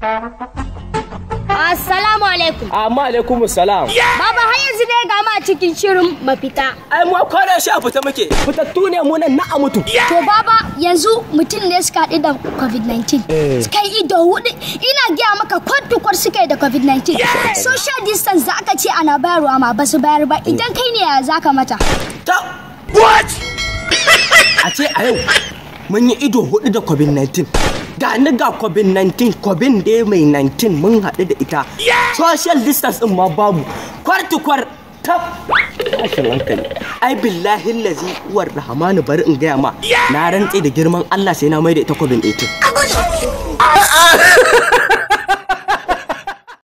Assalamu alaikum. Amma ah, alaikum salam. Baba har yanzu ne ga ma cikin shirin mafita. Ai mu shi a fita muke. Fitattu ne mu nan na a mutu. To baba yanzu mutum ne suka haɗu da COVID-19. Eh. kai yi ido hudu ina giya maka kwantukwar suka yi da COVID-19. Social distance za ka ce ana bayarwa ma ba su bayar ba idan mm. kai ne ya zaka mata. what? A ce a yau mun yi ido hudu da covid-19 ga ni ga covid-19 covid da mai 19 mun haɗu da ita social distance din ma babu kwartukwar ta tashin hankali ai billahi lazi uwar rahamanu bari in gaya ma na rantse da girman allah sai na mai da ita covid-18